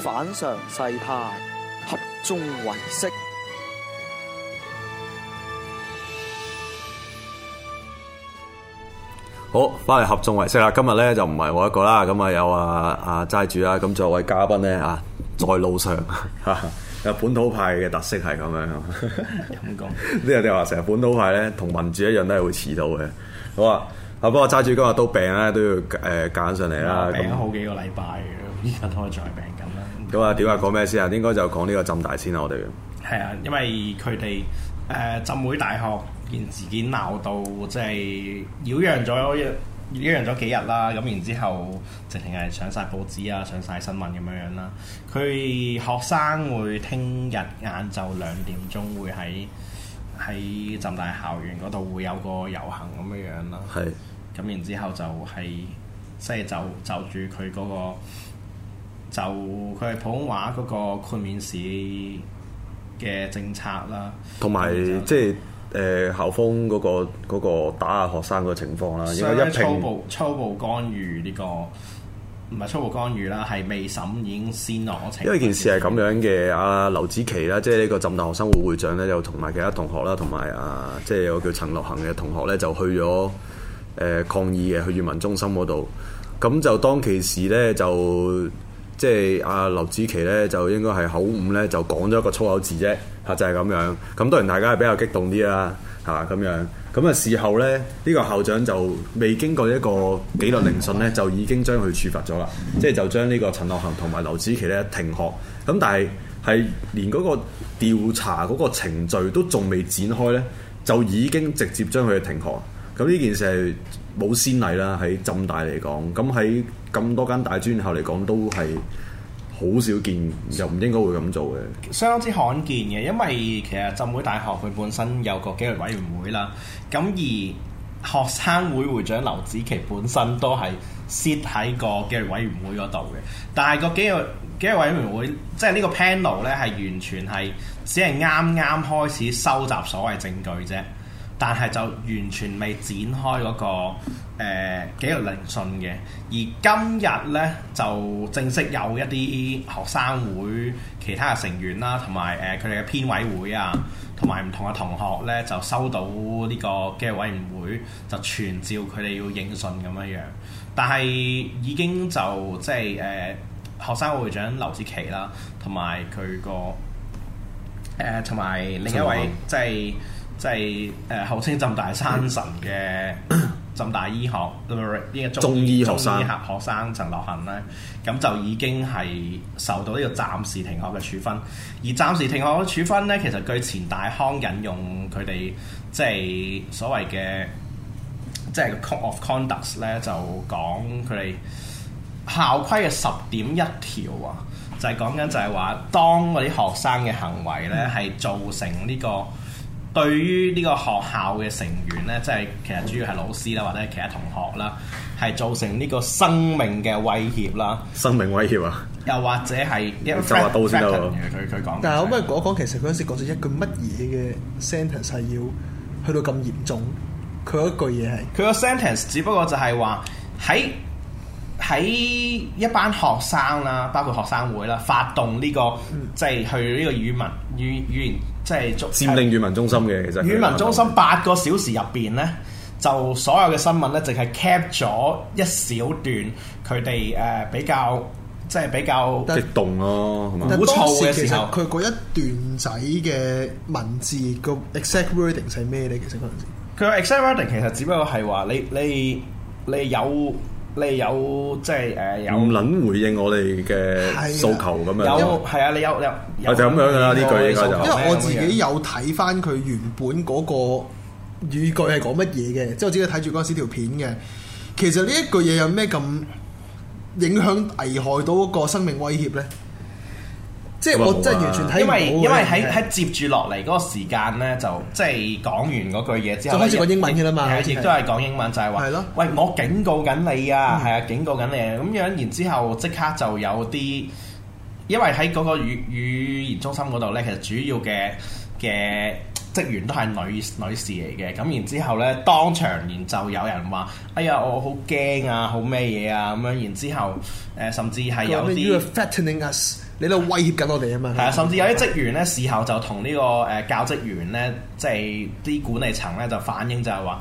反常世態，合眾唯識。好，翻嚟合眾唯識啦。今日咧就唔係我一個啦，咁啊有啊啊齋主啦，咁仲有位嘉賓咧啊在路上。啊本土派嘅特色係咁樣。咁講，呢人哋話成日本土派咧，同民了 主一樣都係會遲到嘅。好啊，阿不過齋主今日都病咧，都要誒揀、呃、上嚟啦。病咗好幾個禮拜嘅，依家可以再病。屌啊，屌啊、嗯，講咩先啊？應該就講呢個浸大先啊，我哋。係啊，因為佢哋誒浸會大學，件事件鬧到即係擾攘咗一擾攘咗幾日啦。咁然之後，直情係上晒報紙啊，上晒新聞咁樣樣啦。佢學生會聽日晏晝兩點鐘會喺喺浸大校園嗰度會有個遊行咁樣樣啦。係是。咁然之後就係即係就、就住佢嗰個。就佢係普通話嗰個豁免試嘅政策啦，同埋即係誒校風嗰、嗰個嗰個打下學生嗰個情況啦。因為一初步初步干預呢、呢個唔係初步干預啦，係未審已經先攞。因為件事係咁樣嘅，阿劉子琪啦，即係呢個浸大學生會會長咧，又同埋其他同學啦，同埋啊，即係有個叫陳樂行嘅同學咧、呃，就去咗誒抗議嘅去語文中心嗰度。咁就當其時咧就。即係阿劉子琪咧，就應該係口誤咧，就講咗一個粗口字啫，嚇、啊、就係、是、咁樣。咁當然大家係比較激動啲啦，嚇、啊、咁樣。咁啊事後咧，呢、這個校長就未經過一個紀律聆訊咧，就已經將佢處罰咗啦。即係就將呢個陳樂行同埋劉子琪咧停學。咁但係係連嗰個調查嗰個程序都仲未展開咧，就已經直接將佢停學。咁呢件事係冇先例啦，喺浸大嚟講，咁喺咁多間大專校嚟講都係好少見，又唔應該會咁做嘅。相當之罕見嘅，因為其實浸會大學佢本身有個紀律委員會啦，咁而學生會會長劉子琪本身都係設喺個紀律委員會嗰度嘅，但係個紀律紀律委員會，即係呢個 panel 咧，係完全係只係啱啱開始收集所謂證據啫。但係就完全未展開嗰、那個誒紀律聆訊嘅，而今日呢，就正式有一啲學生會其他嘅成員啦，同埋誒佢哋嘅編委會啊，同埋唔同嘅同學呢，就收到呢個紀律委員會就傳召佢哋要應訊咁樣樣，但係已經就即係誒、呃、學生會長劉子頎啦，同埋佢個誒同埋另一位即係。即係誒，號、呃、稱浸大山神嘅浸大醫學呢個 中，中醫學生，醫學、學生陳樂恆咧，咁就已經係受到呢個暫時停學嘅處分。而暫時停學嘅處分咧，其實據錢大康引用佢哋即係所謂嘅即係 code of conduct 咧，就講佢哋校規嘅十點一條啊，就係、是、講緊就係話，當嗰啲學生嘅行為咧，係、嗯、造成呢、這個。對於呢個學校嘅成員咧，即係其實主要係老師啦，或者係其他同學啦，係造成呢個生命嘅威脅啦。生命威脅啊！又或者係 就話到先得佢佢講。但係我唔係講一講，其實嗰陣時講咗一句乜嘢嘅 sentence 係要去到咁嚴重？佢一句嘢係佢個 sentence，只不過就係話喺喺一班學生啦，包括學生會啦，發動呢、這個、嗯、即係去呢個語文語語言。即係佔領語文中心嘅其實，語文中心八個小時入邊咧，就所有嘅新聞咧，淨係 cap 咗一小段佢哋誒比較即係比較激動咯、鼓噪嘅時候。但當時其實佢嗰一段仔嘅文字 個 exact wording 係咩咧？其實嗰陣時，佢 exact wording 其實只不過係話你你你你有。你有即係誒有唔撚回應我哋嘅訴求咁、啊、樣？有係啊，你有你有，有。就咁樣㗎啦呢句嘢就係，因為我自己有睇翻佢原本嗰個語句係講乜嘢嘅，即係、嗯、我自己睇住嗰陣時條片嘅。其實呢一句嘢有咩咁影響危害到嗰個生命威脅咧？即係、啊、我真係完全喺，因為因為喺喺接住落嚟嗰個時間咧，就即係講完嗰句嘢之後，就開始講英文嘅啦嘛。係，亦都係講英文，就係話，喂，我警告緊你啊！係啊，警告緊你啊！咁樣然之後即刻就有啲，因為喺嗰個語語言中心嗰度咧，其實主要嘅嘅職員都係女女士嚟嘅。咁然之後咧，當場然就有人話，哎呀，我好驚啊，好咩嘢啊！咁樣然之後，誒，甚至係有啲。 你喺度威脅緊我哋啊嘛，係啊，甚至有啲職員咧事後就同呢個誒教職員咧，即係啲管理層咧就反映就係、是、話，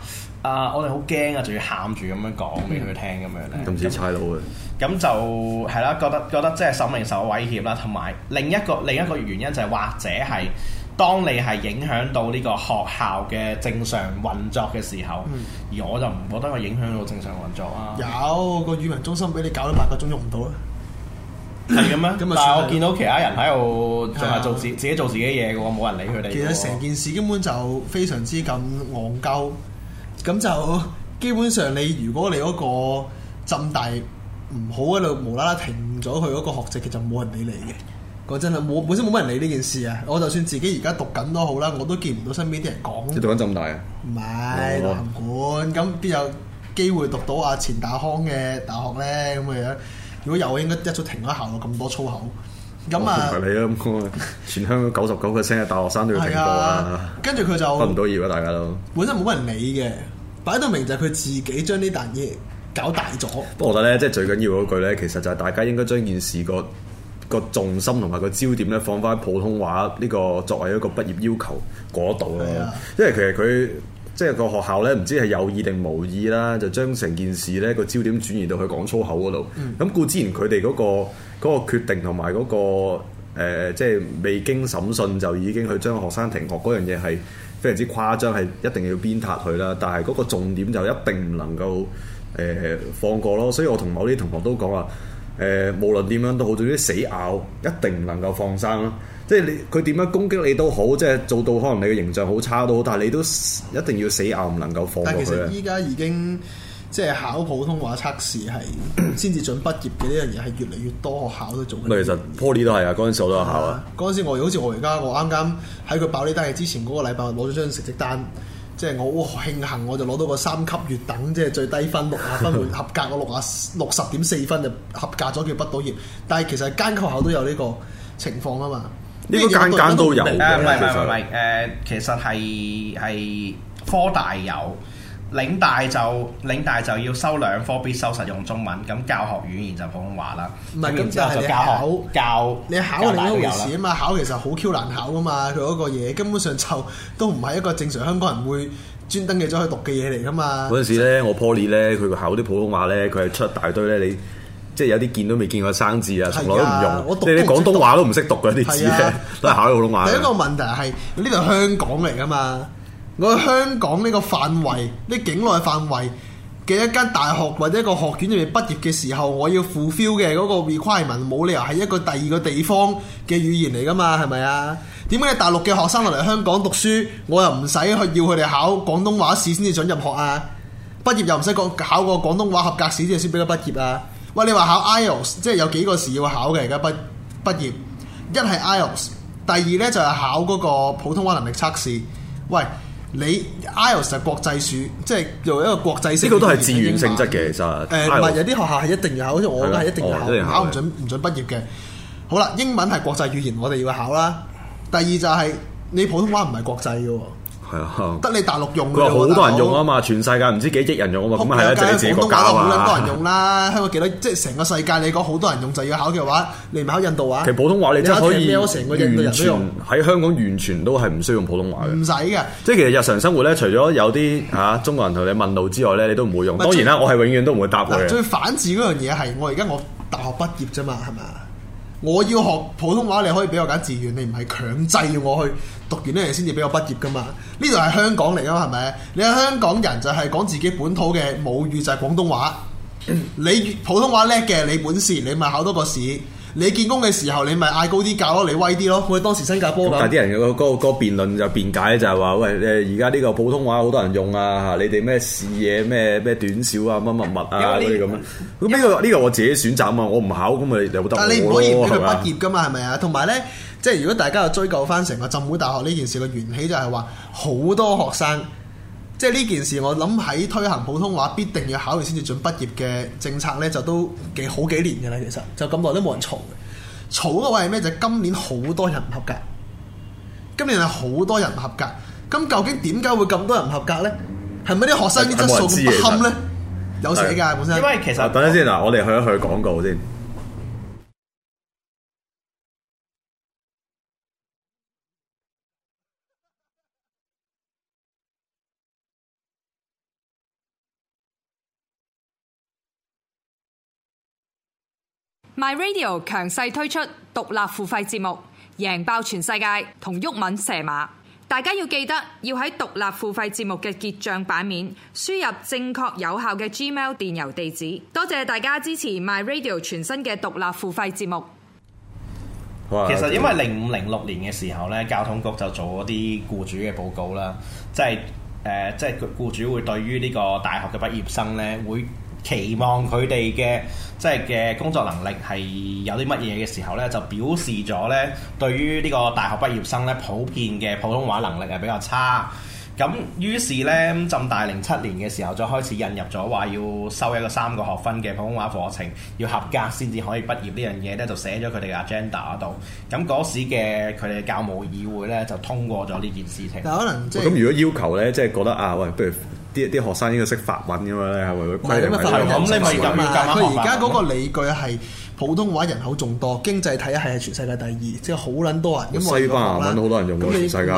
啊、呃，我哋好驚啊，仲要喊住咁樣講俾佢聽咁、嗯、樣咧，咁似差佬嘅，咁就係啦，覺得覺得即係生命受威脅啦，同埋另一個、嗯、另一個原因就係，或者係當你係影響到呢個學校嘅正常運作嘅時候，嗯、而我就唔覺得我影響到正常運作啊，有、嗰個語文中心俾你搞咗八個鐘用唔到啊！係咁啊！但係 我見到其他人喺度仲係做自己的自己做自己嘢嘅喎，冇人理佢哋。其實成件事根本就非常之咁戇鳩，咁、嗯、就基本上你如果你嗰個浸大唔好喺度無啦啦停咗佢嗰個學籍，其實冇人理你嘅。講真啦，冇本身冇乜人理呢件事啊！我就算自己而家讀緊都好啦，我都見唔到身邊啲人講。你讀緊浸大啊？唔係是，我南管咁邊有機會讀到阿錢大康嘅大學咧？咁嘅樣。如果有，應該一早停咗，行咯。咁多粗口，咁啊，係、哦、你啊。咁啊，全香港九十九 percent 嘅大學生都要停課啊。跟住佢就，分唔到業啦，大家都。本身冇乜人理嘅，擺到明就係佢自己將呢單嘢搞大咗。不過我覺得咧，即係最緊要嗰句咧，其實就係大家應該將件事個個重心同埋個焦點咧，放翻普通話呢、呢個作為一個畢業要求嗰度咯。啊、因為其實佢。即係個學校咧，唔知係有意定無意啦，就將成件事咧個焦點轉移到去講粗口嗰度。咁固、嗯、然佢哋嗰個嗰、嗰個、決定同埋嗰個、呃、即係未經審訊就已經去將學生停學嗰樣嘢係非常之誇張，係一定要鞭撻佢啦。但係嗰個重點就一定唔能夠誒、呃、放過咯。所以我同某啲同學都講話誒，無論點樣都好，總之死咬一定唔能夠放生。即係你佢點樣攻擊你都好，即係做到可能你嘅形象好差都好，但係你都一定要死硬唔能夠放過佢啦。但係其實依家已經即係、就是、考普通話測試係先至準畢業嘅呢樣嘢，係越嚟越多學校都做。咁其實 Poly 都係啊，嗰陣時我都考啊。嗰陣時我好似我而家我啱啱喺佢爆呢單嘢之前嗰個禮拜攞咗張成績單，即、就、係、是、我好慶幸我就攞到個三級月等，即、就、係、是、最低分六啊分合格， 我六啊六十點四分就合格咗，叫畢到業。但係其實間學校都有呢個情況啊嘛。呢個間間都有，誒，唔係唔係唔係誒，其實係係科大有，領大就領大就要收兩科，必修實用中文，咁教學語言就普通話啦。唔係咁就係你考教，你考一回事啊嘛，考其實好 Q 難考啊嘛，佢嗰個嘢根本上就都唔係一個正常香港人會專登記咗去讀嘅嘢嚟噶嘛。嗰陣時咧，我 Poly 咧，佢考啲普通話咧，佢係出一大堆咧你。即係有啲見都未見過生字啊，從來都唔用，啊、我讀即你啲廣東話都唔識讀嗰啲字都係考普通話。第一個問題係呢度香港嚟噶嘛？我香港呢個範圍、呢、這個、境內範圍嘅一間大學或者一個學院入面畢業嘅時候，我要 fulfill 嘅嗰個 requirement，冇理由係一個第二個地方嘅語言嚟噶嘛？係咪啊？點解你大陸嘅學生落嚟香港讀書，我又唔使去要佢哋考廣東話試先至準入學啊？畢業又唔使講考個廣東話合格試先至先俾佢畢業啊？喂，你話考 IELTS 即係有幾個試要考嘅而家畢畢業，一係 IELTS 第二呢就係考嗰個普通話能力測試。喂，你 IELTS 係國際署，即係做一個國際性。呢個都係自願性質嘅，其實。誒、呃，唔係有啲學校係一定要考，即係我而家一定要考，的考唔準唔準畢業嘅。好啦，英文係國際語言，我哋要考啦。第二就係你普通話唔係國際嘅。得你大陸用，佢話好多人用啊嘛，全世界唔知幾億人用啊嘛，咁咪即係自己一個家嘛。廣東話都好多人用啦，香港幾多？即係成個世界你講好多人用就要考嘅話，你唔考印度話？其實普通話你真係可以，完全喺香港完全都係唔需要用普通話嘅。唔使嘅，即係其實日常生活咧，除咗有啲嚇、啊、中國人同你問路之外咧，你都唔會用。當然啦， 我係永遠都唔會答佢。最反智嗰樣嘢係我而家我大學畢業啫嘛，係咪？我要學普通話，你可以畀我揀志願，你唔係強制要我去讀完呢樣先至畀我畢業噶嘛？呢度係香港嚟啊，係咪？你係香港人就係講自己本土嘅母語就係廣東話。 你普通話叻嘅，你本事，你咪考多個試。你建工嘅時候，你咪嗌高啲價咯，你威啲咯。我哋當時新加坡咁。但啲人個嗰個嗰辯論就辯解就係話：喂誒，而家呢個普通話好多人用啊，你哋咩視野咩咩短小啊，乜乜物啊嗰啲咁啊。咁呢、 呢個呢、呢個我自己選擇啊嘛，我唔考咁咪又得我咯，但你唔可以唔畢業㗎嘛，係咪啊？同埋咧，即係如果大家又追究翻成個浸會大學呢件事嘅源起就，就係話好多學生。即係呢件事，我諗喺推行普通話必定要考完先至準畢業嘅政策呢，就都幾好幾年嘅啦。其實就咁耐都冇人嘈嘅，嘈嘅位係咩？就係、今年好多人唔合格，今年係好多人唔合格。咁究竟點解會咁多人唔合格呢？係咪啲學生啲質素咁不堪呢？有寫㗎的本身。因為其實、啊、等陣先嗱，啊、我哋去一去廣告先。My Radio 強勢推出獨立付費節目，贏爆全世界同毓民蛇馬，大家要記得要喺獨立付費節目嘅結賬版面輸入正確有效嘅 Gmail 電郵地址。多謝大家支持 My Radio 全新嘅獨立付費節目。哇其實因為零五零六年嘅時候咧，交通局就做咗啲雇主嘅報告啦，即係誒，即、呃、係、就是、雇主會對於呢個大學嘅畢業生咧會。期望佢哋嘅即係嘅工作能力係有啲乜嘢嘅時候呢，就表示咗呢對於呢個大學畢業生咧，普遍嘅普通話能力係比較差。咁於是呢，浸大零七年嘅時候，就開始引入咗話要收一個三個學分嘅普通話課程，要合格先至可以畢業呢樣嘢呢，就寫咗佢哋嘅 agenda 嗰度。咁嗰時嘅佢哋嘅教務議會呢，就通過咗呢件事情。可能咁、即係，如果要求咧，即係覺得啊，喂，不如。啲啲學生應該識法文咁不樣咧，係為佢規範佢嘅母語嘅話。佢而家嗰個理據係普通話人口眾多，經濟體系係全世界第二，即係好撚多人。咁西班牙揾到好多人，用過全世界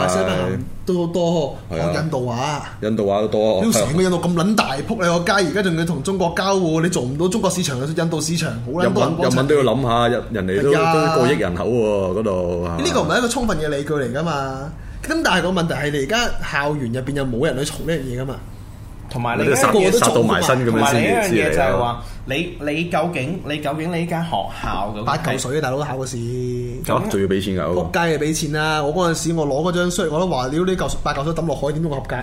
都好多的印度話，印度話都多。屌成個印度咁撚大，撲你個街，而家仲要同中國交惡，你做唔到中國市場，印度市場好撚多人。日文日文，都要諗下，人哋都的都過億人口喎嗰度。呢個唔係一個充分嘅理據嚟㗎嘛。咁但係個問題係你而家校園入邊又冇人去重呢樣嘢㗎嘛。同埋你而個都做到埋身咁樣先，知啦。就係話，你你究竟你究竟你呢間學校八嚿水大佬考個試仲要俾錢噶？仆街啊，俾錢啦！我嗰陣時我攞嗰張書我都話，你呢嚿八嚿水抌落海，點都唔合格。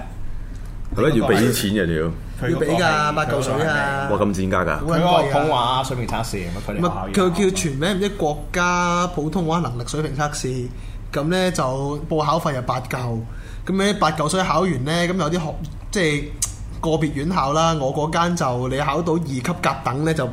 係咯，要俾錢嘅你要俾噶八嚿水啊！哇，咁專家㗎？佢個普通話水平測試佢叫全名唔知國家普通話能力水平測試，咁咧就報考費又八嚿，咁你八嚿水考完咧，咁有啲學即係。個別院校啦，我嗰間就你考到二級甲等呢，就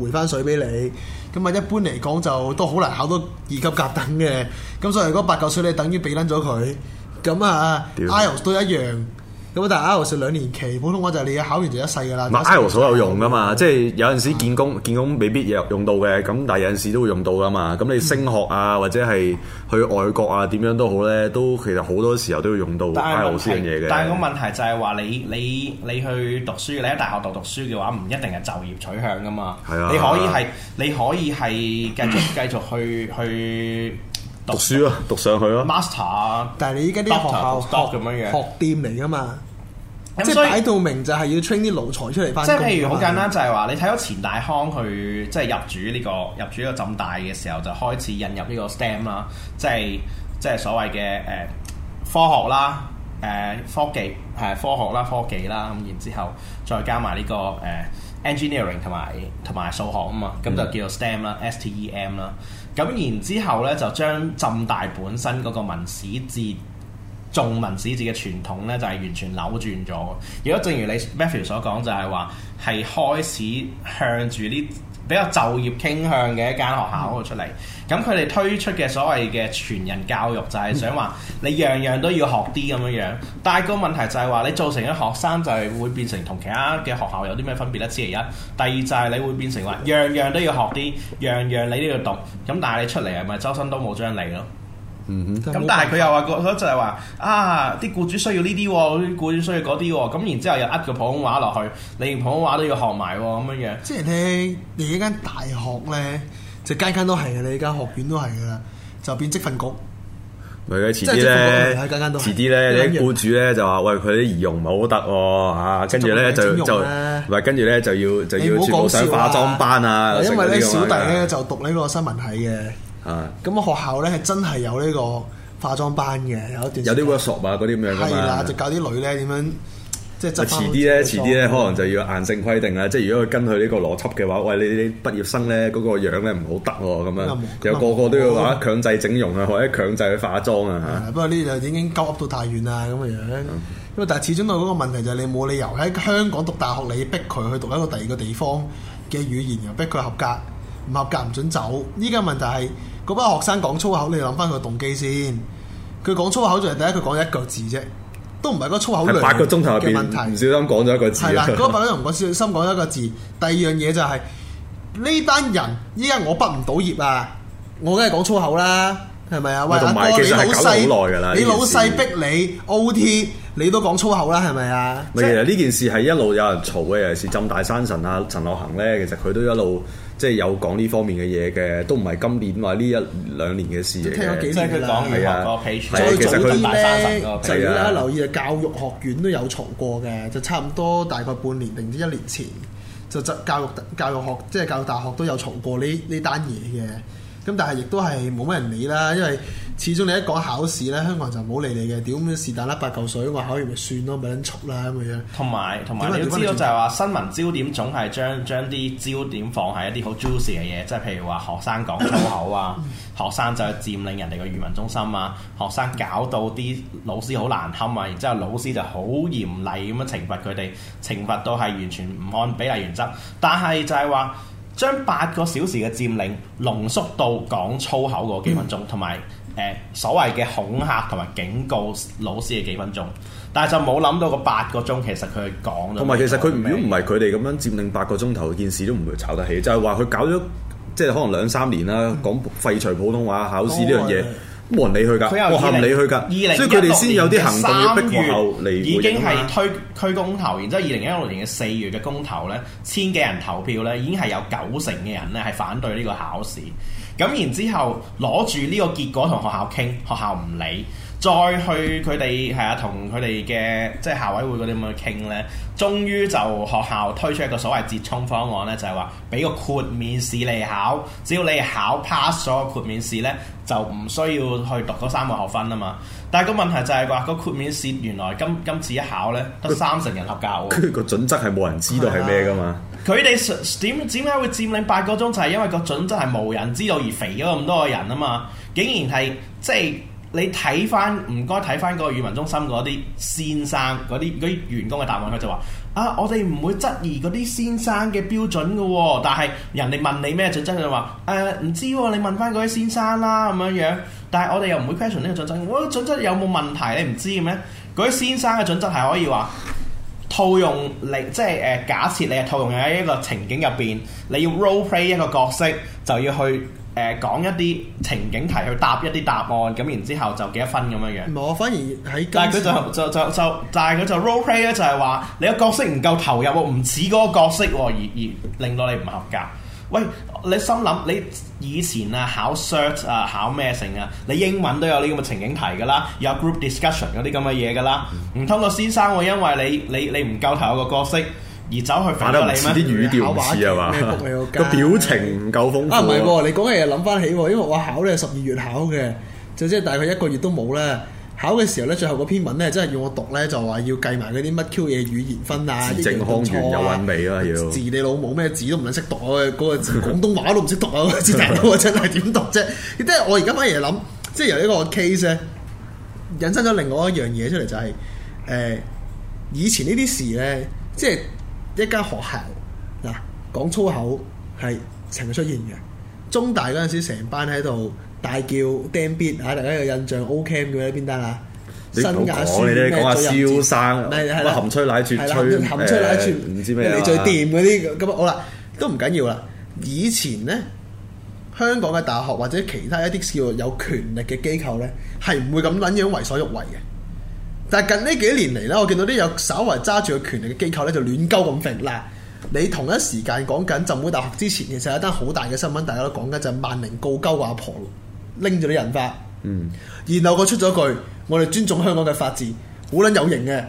回翻水俾你。咁啊，一般嚟講就都好難考到二級甲等嘅。咁所以如果八嚿水咧，你等於俾撚咗佢。咁啊，IELTS 都一樣。咁但係 IELTS 兩年期，普通話就係你考完就一世噶啦。IELTS 所有用噶嘛，嗯、即係有陣時見工見工未必有用到嘅，咁但係有陣時都會用到噶嘛。咁你升學啊，或者係去外國啊，點樣都好咧，都其實好多時候都會用到 IELTS 呢樣嘢嘅。但係個問題就係話你你你，你去讀書，你喺大學度讀書嘅話，唔一定係就業取向噶嘛。係啊，你可以係你可以係繼續 繼續去去。讀書咯、啊，讀上去咯。Master 啊，Master，但係你依家啲學店嚟噶嘛，嗯、即係擺到明就係要 train 啲奴才出嚟翻工。即係譬如好簡單，就係話你睇到錢大康去即係入主呢、呢個入主呢個浸大嘅時候，就開始引入呢個 STEM 啦，即係即係所謂嘅誒、呃、科學啦、誒科技係科學啦、科技啦，咁、呃呃、然之後再加埋呢、呢個誒、呃、engineering 同埋同埋數學啊嘛，咁就叫做 STEM 啦、mm.、STEM 啦。咁然之後咧，就將浸大本身嗰個文史字、重文史字嘅傳統咧，就係完全扭轉咗。如果正如你 Matthew 所講，就係話係開始向住啲。比較就業傾向嘅一間學校度出嚟，咁佢哋推出嘅所謂嘅全人教育就係想話你樣樣都要學啲咁樣樣，但係個問題就係話你造成咗學生就係會變成同其他嘅學校有啲咩分別咧？之其一，第二就係你會變成話樣樣都要學啲，樣樣你都要讀，咁但係你出嚟係咪周身都冇張利咯？嗯，咁但係佢又話覺就係話啊，啲僱主需要呢啲喎，啲僱主需要嗰啲喎，咁然之後又呃個普通話落去，你連普通話都要學埋喎咁樣嘅。即係咧，你呢間大學咧，就間間都係你呢間學院都係噶啦，就變職訓局。唔係嘅，遲啲咧，遲啲咧，啲僱主咧就話喂，佢啲儀容唔係好得、啊、喎，跟住咧就、啊、就唔跟住咧就要就要，要、啊、上化妝班啊，因為咧小弟咧就讀呢個新聞系嘅。嗯。啊！咁啊、嗯，學校咧係真係有呢個化妝班嘅，有有啲 workshop 啊，嗰啲咁樣噶嘛係啦，就教啲女咧點樣，即係執遲啲咧，遲啲咧，可能就要硬性規定啦。即係如果佢跟佢呢個邏輯嘅話，喂，你啲畢業生咧嗰、那個樣咧唔好得喎，咁樣又、嗯嗯、個，個個都要話強制整容啊，或者、嗯嗯、強制去化妝啊嚇。嗯嗯、不過呢啲就已經鳩噏到太遠啦，咁嘅樣。因為、嗯、但係始終都嗰個問題就係你冇理由喺香港讀大學，你逼佢去讀一個第二個地方嘅語言，又逼佢合格。唔合格唔准走，依家問題係嗰班學生講粗口，你諗翻佢個動機先。佢講粗口就係第一，佢講一個字啫，都唔係嗰個粗口量嘅問題。唔小，小心講咗一、那個、一個字。係啦，嗰八個鐘頭唔小心講一個字。第二樣嘢就係、是、呢班人，依家我畢唔到業啊，我梗係講粗口啦，係咪啊？喂阿哥，你老細，你老細逼你 OT。嗯你都講粗口啦，係咪啊？唔係，其實呢件事係一路有人嘈嘅，尤其是浸大山神啊、陳樂行咧，其實佢都一路即係有講呢方面嘅嘢嘅，都唔係今年話呢一兩年嘅事嘅。聽咗幾年啦，係、嗯、啊，再、啊、早啲咧，係啦，留意啊，教育學院都有嘈過嘅，就差唔多大概半年定一年前就就教育教育學即係、就是、教育大學都有嘈過呢呢單嘢嘅。咁但係亦都係冇乜人理啦，因為。始終你一講考試咧，香港人就冇理你嘅。點？是但啦，八嚿水，我考完咪算咯，咪撚速啦咁嘅樣。同埋，同埋麼你要知道麼就係話要新聞焦點總係將將啲焦點放喺一啲好 juicy 嘅嘢，即係譬如話學生講粗口啊，學生，咳咳學生就佔領人哋嘅語文中心啊，學生搞到啲老師好難堪啊，咳咳然之後老師就好嚴厲咁樣懲罰佢哋，懲罰到係完全唔按比例原則。但係就係話將八個小時嘅佔領濃縮到講粗口嗰幾分鐘，同埋。咳咳誒所謂嘅恐嚇同埋警告老師嘅幾分鐘，但係就冇諗到個八個鐘其實佢講咗。同埋其實佢如果唔係佢哋咁樣佔領八個鐘頭，件事都唔會炒得起。就係話佢搞咗即係可能兩三年啦，嗯、講廢除普通話考試呢樣嘢，冇、嗯、人理佢㗎，有 20, 我冇人理佢㗎。二零一六年三月已經係推推公投，然之後二零一六年嘅四月嘅公投咧，千幾人投票咧，已經係有九成嘅人咧係反對呢個考試。咁然之後攞住呢個結果同學校傾，學校唔理。再去佢哋係啊，同佢哋嘅即係校委會嗰啲咁去傾咧，終於就學校推出一個所謂折衷方案咧，就係話俾個豁免試嚟考，只要你考 pass 咗豁免試咧，就唔需要去讀多三個學分啊嘛。但係個問題就係、是、話、那個豁免試原來今今次一考咧得三成人合格，跟住個準則係冇人知道係咩噶嘛？佢哋點點解會佔領八個鐘就係、是、因為個準則係冇人知道而肥咗咁多個人啊嘛！竟然係即係。你睇翻唔該睇翻嗰個語文中心嗰啲先生嗰啲嗰啲員工嘅答案，佢就話：啊，我哋唔會質疑嗰啲先生嘅標準嘅喎、哦。但係人哋問你咩準則佢就話誒唔知喎、哦，你問翻嗰啲先生啦咁樣樣。但係我哋又唔會 question 呢個準則。我、哦、嘅準則有冇問題？你唔知嘅咩？嗰啲先生嘅準則係可以話套用嚟，即係誒、呃、假設你係套用喺一個情景入邊，你要 role play 一個角色就要去，誒，講、呃、一啲情景題去答一啲答案，咁然後之後就幾多分咁樣樣。冇，反而喺但係佢就就就就，但係佢就 role play 咧，就係話 你個角色唔夠投入，唔似嗰個角色，而而令到你唔合格。喂，你心諗你以前啊考 cert 啊考咩成啊？你英文都有呢咁嘅情景題噶啦，有 group discussion 嗰啲咁嘅嘢噶啦，唔通個先生會因為你你你唔夠投入個角色。而走去，反得唔似啲語調唔似係嘛？個、啊、表情唔夠豐富、啊。啊，唔係喎！你講嘢又諗翻起喎，因為我考咧十二月考嘅，就即、是、係大概一個月都冇咧。考嘅時候咧，最後個篇文咧，真係要我讀咧，就話要計埋嗰啲乜 Q 嘢語言分啊，字正腔圓有韻味啊要。字你老母咩字都唔撚識讀，我嘅嗰個字廣東話都唔識讀， 我嘅字大佬真係點讀啫？即係我而家反而乜嘢諗，即、就、係、是、由呢個 case 咧，引申咗另外一樣嘢出嚟，就係誒以前呢啲事咧，即係。一家學校嗱，講粗口係成日出現嘅。中大嗰陣時成班喺度大叫 damn bit，吓，大家有印象 OK 嘅喺邊單啊？新亞書咩？講話蕭生，含吹奶、吹唔知咩你、啊、最掂嗰啲咁好啦，都唔緊要啦。以前咧，香港嘅大學或者其他一啲叫有權力嘅機構咧，係唔會咁撚樣為所欲為嘅。但係近呢幾年嚟咧，我見到啲有稍為揸住個權力嘅機構咧，就亂鳩咁食。嗱，你同一時間講緊浸會大學之前，其實有一單好大嘅新聞，大家都講緊就係萬寧告鳩個阿婆，拎咗啲人發。嗯。然後佢出咗句：我哋尊重香港嘅法治，好撚有型嘅。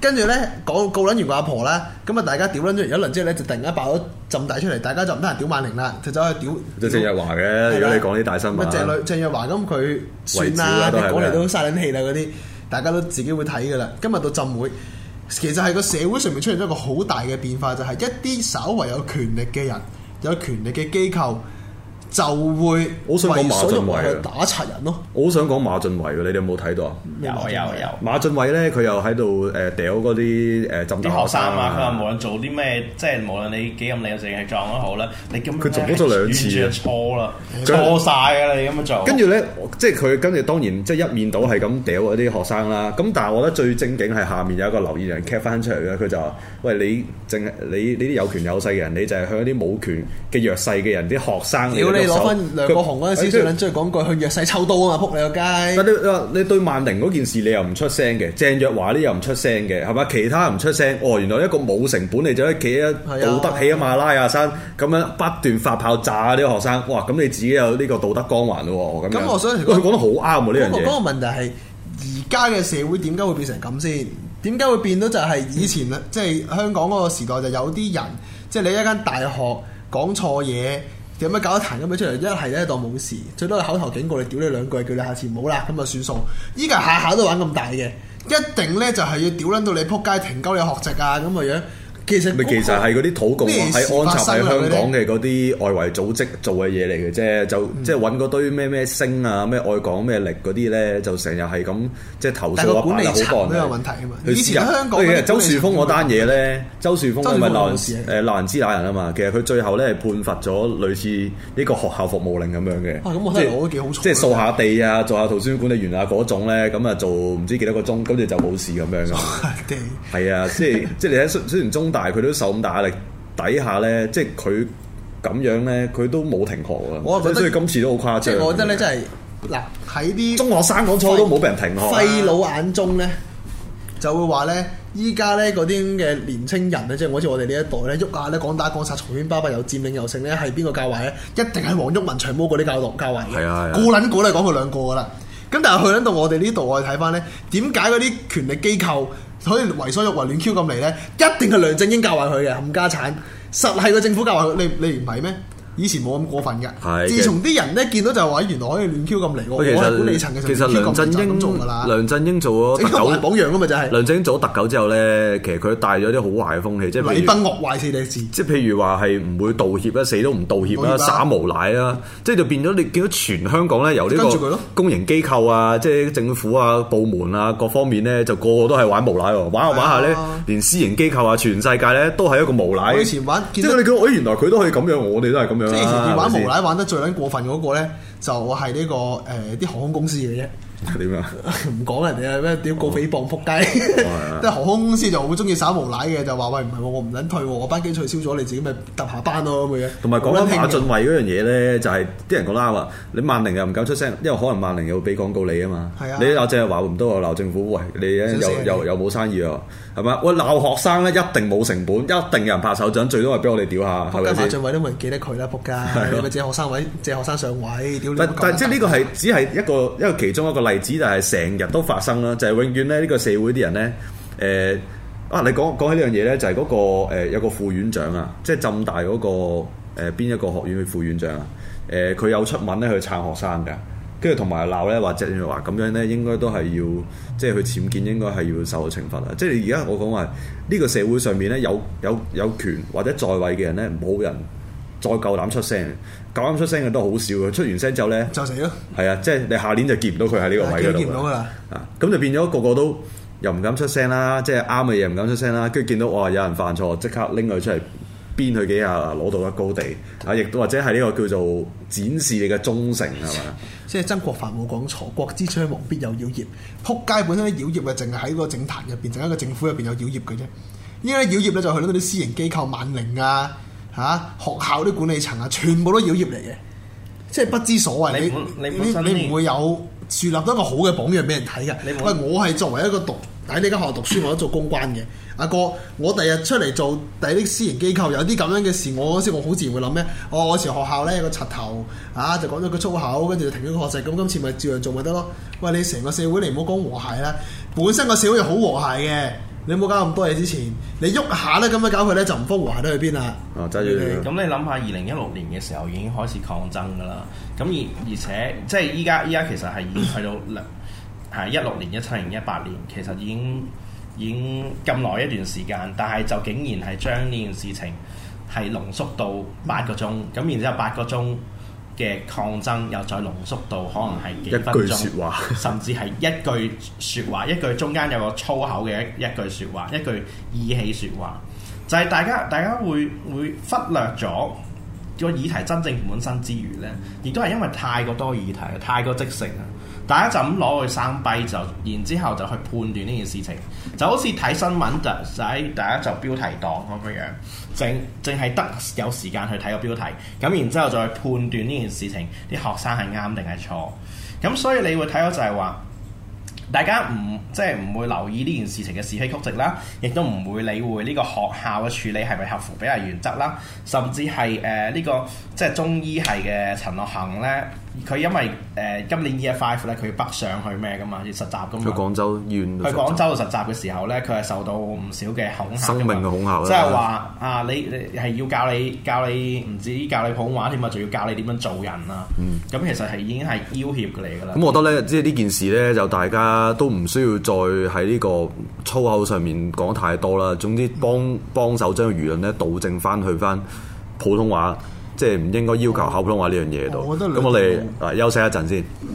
跟住咧講告撚完個阿婆咧，咁啊大家屌撚咗完一輪之後咧，就突然間爆咗浸大出嚟，大家就唔得閒屌萬寧啦，就走去屌。就鄭若驊嘅，的如果你講啲大新聞。鄭女鄭若驊咁佢算啦，一講嚟都嘥撚氣啦嗰啲。大家都自己會睇嘅啦。今日到浸會，其實係個社會上面出現咗一個好大嘅變化，就係一啲稍為有權力嘅人、有權力嘅機構。就會為為、啊， 我想講馬浚偉啊！打殘人咯，我好想講馬浚偉嘅，你哋有冇睇到啊？有有有！馬浚偉咧，佢又喺度誒屌嗰啲誒浸大學生,學生啊！佢話無論做啲咩，即係無論你幾咁靚，仲係撞都好啦，你咁佢重複咗兩次啊！錯啦，錯曬啊！你咁樣做，跟住咧，即係佢跟住當然即係一面倒係咁屌嗰啲學生啦。咁但係我覺得最正經係下面有一個留言人 cap 翻出嚟嘅，佢就話：喂，你正你呢啲有權有勢嘅人，你就係向啲冇權嘅弱勢嘅人啲學生。你攞翻梁國雄嗰陣時，少撚它出講句，佢它弱勢抽刀啊嘛，撲你個街你！你你話你對萬寧嗰件事，你又唔出聲嘅，鄭若驊呢又唔出聲嘅，係嘛？其他唔出聲，哦，原來一個冇成本你就一企一道德啊喜馬拉雅山咁的、嗯、樣不斷發炮炸呢啲學生，哇！咁你自己有呢個道德光環咯。咁咁我想，想，想，如果佢講得好啱喎，呢我樣嘢。嗰個問題係而家嘅社會點解會變成咁先？點解會變到就係以前即係、就是、香港嗰個時代就有啲人，即、就、係、是、你一間大學講錯嘢。有咩搞一壇咁樣出嚟？一係咧當冇事，最多係口頭警告你，屌 你兩句，叫你下次唔好啦，咁啊算數。依家下下都玩咁大嘅，一定咧就係、是、要屌撚到你撲街，停鳩你學籍啊咁嘅樣。咪其實係嗰啲土共喺安插喺香港嘅嗰啲外圍組織做嘅嘢嚟嘅啫，就即係揾嗰堆咩咩星啊咩愛港咩力嗰啲咧，就成日係咁即係投訴啊排咗好多年。以前香港，其實周樹峰嗰單嘢咧，周樹峰佢咪鬧人，誒鬧人人啊嘛。其實佢最後咧判罰咗類似呢個學校服務令咁樣嘅。咁我真好。即係掃下地啊，做下圖書管理員啊嗰種咧，咁啊做唔知幾多個鐘，跟住就冇事咁樣。掃下地。係啊，即係即係你喺雖雖然中。但係佢都受咁大壓力，底下咧，即係佢咁樣咧，佢都冇停學㗎。我覺得佢今次都好誇張。即係我覺得咧，真係嗱，喺啲中學生講錯肥都冇俾人停學。廢老眼中咧，就會話咧，依家咧嗰啲嘅年青人咧，即係好似我哋呢一代咧，喐下咧，講打講殺，嘈喧巴巴有佔領有勝咧，係邊個教壞咧？一定係黃毓民、長毛嗰啲教導教壞嘅。係啊係啊，個撚、啊、個都講佢兩個㗎啦。咁但係去到到我哋呢度，我哋睇翻咧，點解嗰啲權力機構？所以為所欲為亂 Q 咁嚟咧，一定係梁振英教壞佢嘅冚家鏟，實係個政府教壞佢，你你唔係咩？以前冇咁過分嘅，自從啲人咧見到就話，原來可以亂 Q 咁嚟喎，我係管理層嘅，亂 Q 咁雜咁噶啦。梁振英做咗，特都係榜樣啊嘛，就係梁振英做咗特狗之後咧，其實佢帶咗啲好壞嘅風氣，即係你濫惡壞事你。事。即係譬如話係唔會道歉啦，死都唔道歉啦，耍無賴啊，即係就變咗你見到全香港咧，由呢個公營機構啊，即係政府啊、部門啊各方面咧，就個個都係玩無賴喎，玩下玩下咧，連私營機構啊、全世界咧都係一個無賴。即係你覺得，原來佢都可以咁樣，我哋都係咁樣。即係以前玩 無賴玩得最撚過分嗰個咧，就係、是、呢、這個誒啲、呃、航空公司嘅啫。點啊？唔講人哋啊咩？點告誹謗？仆街！即係航空公司就好中意耍無賴嘅，就話喂唔係喎，我唔捻退喎，我班機取消咗，你自己咪揼下班咯咁嘅。同埋講緊馬浚偉嗰樣嘢咧，就係啲人講啱啊，你萬寧又唔敢出聲，因為可能萬寧又會俾廣告你啊嘛。你又淨係話唔多又鬧政府，喂你又又冇生意啊？係嘛？喂鬧學生咧一定冇成本，一定有人拍手掌，最多係俾我哋屌下。係啊。加馬浚偉都唔記得佢啦，仆街！咪？借學生位，借學生上位，屌你。但但即係呢個係只係一個一個其中一個例。例子就係成日都發生啦，就係、是、永遠咧呢、這個社會啲人咧，誒、呃、啊！你講講起呢樣嘢咧，就係、是、嗰、那個、呃、有個副院長啊，即係浸大嗰、那個誒邊、呃、一個學院嘅副院長啊，誒、呃、佢有出文咧去撐學生嘅，跟住同埋鬧咧或者話裕華咁樣咧，應該都係要即係去僭建，應該係要受到懲罰啊！即係而家我講話呢個社會上面咧有有有權或者在位嘅人咧，唔好人。再夠膽出聲，夠膽出聲嘅都好少嘅。出完聲之後咧，就死咯。係啊，即係你下年就見唔到佢喺呢個位度。見唔到㗎啦。咁、啊、就變咗個個都又唔敢出聲啦。即係啱嘅嘢唔敢出聲啦。跟住見到哇，有人犯錯，即刻拎佢出嚟鞭佢幾下，攞到一高地。對啊，亦都或者係呢個叫做展示你嘅忠誠係嘛？即係曾國藩冇講錯，國之將亡必有妖孽。撲街本身啲妖孽啊，淨係喺個政壇入邊，淨係個政府入邊有妖孽嘅啫。依家妖孽咧，就去到啲私營機構萬寧啊。嚇、啊！學校啲管理層啊，全部都妖孽嚟嘅，即係不知所謂。你你唔你你會有樹立一個好嘅榜樣俾人睇㗎。不喂，我係作為一個讀喺呢間學校讀書，我都做公關嘅。阿、啊、哥，我第日出嚟做第啲私營機構有啲咁樣嘅事，我嗰時我好自然會諗咩、哦？我嗰時學校咧有個柒頭，啊就講咗個粗口，跟住就停咗個學籍。咁今次咪照樣做咪得咯？喂，你成個社會你唔好講和諧啦，本身個社會好和諧嘅。你冇搞咁多嘢之前，你喐下咧，咁樣搞佢咧就唔復華得去邊啦？咁、嗯嗯嗯、你諗下，二零一六年嘅時候已經開始抗爭噶啦，咁而而且即係依家依家其實係已經去到兩係一六年、一七年、一八年，其實已經已經咁耐一段時間，但係就竟然係將呢件事情係濃縮到八個鐘，咁然之後八個鐘嘅抗爭又再濃縮到可能係幾分鐘，甚至係一句説話， 一句中間有個粗口嘅一一句説話，一句意氣説話，就係、係、大家大家會會忽略咗個議題真正本身之餘呢，亦都係因為太過多議題，太過即成大家就咁攞去生啤，就然之後就去判斷呢件事情，就好似睇新聞就使大家就標題黨咁嘅樣，淨係得有時間去睇個標題，咁然之後再判斷呢件事情，啲學生係啱定係錯。咁所以你會睇到就係話，大家唔即係唔會留意呢件事情嘅是非曲直啦，亦都唔會理會呢個學校嘅處理係咪合乎比例原則啦，甚至係誒呢個即係、就是、中醫系嘅陳樂行呢。佢因為誒、呃、今年 E.Five 咧，佢北上去咩噶嘛？要實習噶嘛？去廣州醫院。喺、嗯、廣州實習嘅時候咧，佢係受到唔少嘅恐嚇。生命嘅恐嚇。即係話啊，你你係要教你教你唔止教你普通話添啊，仲要教你點樣做人啊。嗯。咁、嗯、其實係已經係要脅嚟噶啦。咁我覺得咧，即係呢件事咧，就大家都唔需要再喺呢個粗口上面講太多啦。總之幫幫手將個輿論咧導正翻去翻普通話。即係唔應該要求考普通話呢樣嘢度，咁我哋啊休息一陣先。嗯